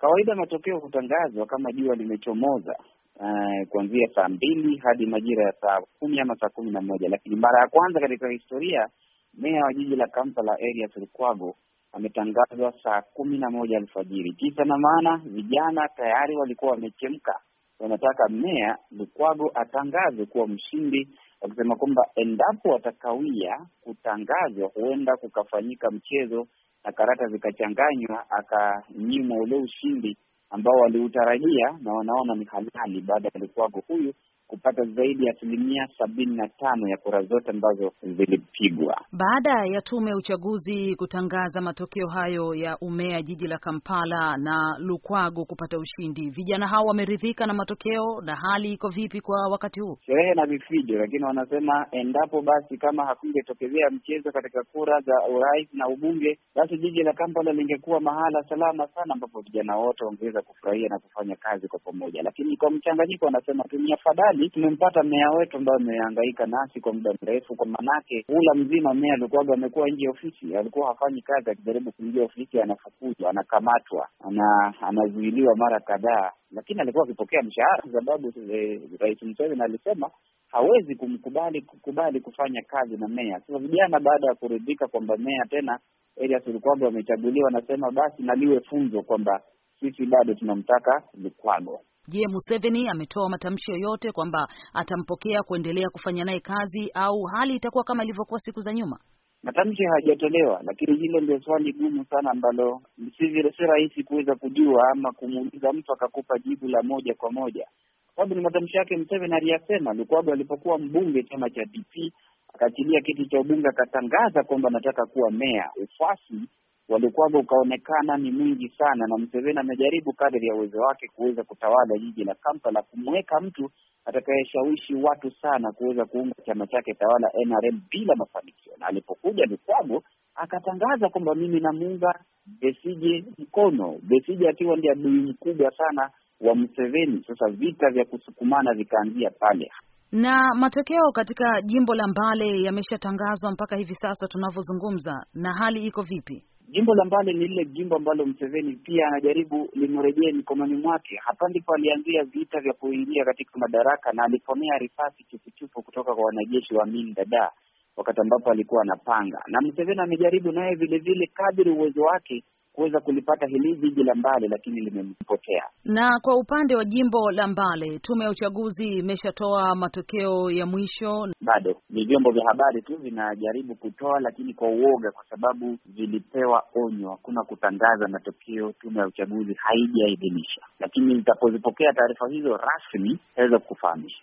Kawaida matokeo hutangazwa kama jua limechomoza uh, kuanzia saa mbili hadi majira ya saa kumi ama saa kumi na moja, lakini mara ya kwanza katika historia meya wa jiji la Kampala Erias Lukwago ametangazwa saa kumi na moja alfajiri. Kisa na maana, vijana tayari walikuwa wamechemka, wanataka meya Lukwago atangazwe kuwa mshindi, wakisema kwamba endapo watakawia kutangazwa, huenda kukafanyika mchezo na karata zikachanganywa, akanyimwa ule ushindi ambao waliutarajia na wanaona ni halali, baada ya alikuwako huyu kupata zaidi ya asilimia sabini na tano ya kura zote ambazo zilipigwa. Baada ya tume ya uchaguzi kutangaza matokeo hayo ya umea jiji la Kampala na Lukwago kupata ushindi, vijana hao wameridhika na matokeo, na hali iko vipi kwa wakati huu? Sherehe na vifijo, lakini wanasema endapo basi kama hakungetokezea mchezo katika kura za urais na ubunge, basi jiji la Kampala lingekuwa mahala salama sana, ambapo vijana wote wangeweza kufurahia na kufanya kazi kwa pamoja, lakini kwa mchanganyiko, wanasema tumia fadhali maji, tumempata meya wetu ambaye amehangaika nasi kwa muda mrefu, kwa manake hula mzima meya alikuwaga amekuwa nje ya ofisi, alikuwa hafanyi kazi, akijaribu kuingia ofisi anafukuzwa, anakamatwa, ana, anazuiliwa mara kadhaa, lakini alikuwa akipokea mshahara kwa sababu e, Rais Museveni alisema hawezi kumkubali kukubali kufanya kazi na meya. Sasa vijana baada ya kuridhika kwamba meya tena Elias Lukwago wamechaguliwa, anasema basi naliwe funzo kwamba sisi bado tunamtaka Lukwago. Je, Museveni ametoa matamshi yoyote kwamba atampokea kuendelea kufanya naye kazi au hali itakuwa kama ilivyokuwa siku za nyuma? Matamshi hayajatolewa, lakini hilo ndio swali gumu sana ambalo si rahisi kuweza kujua ama kumuuliza mtu akakupa jibu la moja kwa moja, kwa sababu ni matamshi yake Museveni aliyasema. Lukwago alipokuwa mbunge chama cha DP, akaachilia kiti cha ubunge, akatangaza kwamba anataka kuwa meya. Ufuasi waliokuwaga ukaonekana ni mwingi sana, na Museveni amejaribu kadri ya uwezo wake kuweza kutawala jiji la Kampala, kumweka mtu atakayeshawishi watu sana kuweza kuunga chama chake tawala NRM bila mafanikio. Na alipokuja Lukwago akatangaza kwamba mimi namuunga Besije mkono, Besije akiwa ndiye adui mkubwa sana wa Museveni. Sasa vita vya kusukumana vikaanzia pale na matokeo katika jimbo la Mbale yameshatangazwa mpaka hivi sasa tunavyozungumza, na hali iko vipi? Jimbo la Mbale ni lile jimbo ambalo Mseveni pia anajaribu limrejee mikononi mwake. Hapa ndipo alianzia vita vya kuingia katika madaraka na aliponea risasi chupuchupu kutoka kwa wanajeshi wa Amin Dada wakati ambapo alikuwa anapanga, na Mseveni amejaribu naye vilevile kadri uwezo wake kuweza kulipata hili jiji la Mbale, lakini limempotea. Na kwa upande wa jimbo la Mbale, tume ya uchaguzi imeshatoa matokeo ya mwisho. Bado ni vyombo vya habari tu vinajaribu kutoa, lakini kwa uoga, kwa sababu vilipewa onyo, hakuna kutangaza matokeo. Tume ya uchaguzi haijaidhinisha, lakini itapozipokea taarifa hizo rasmi aweza kufahamisha.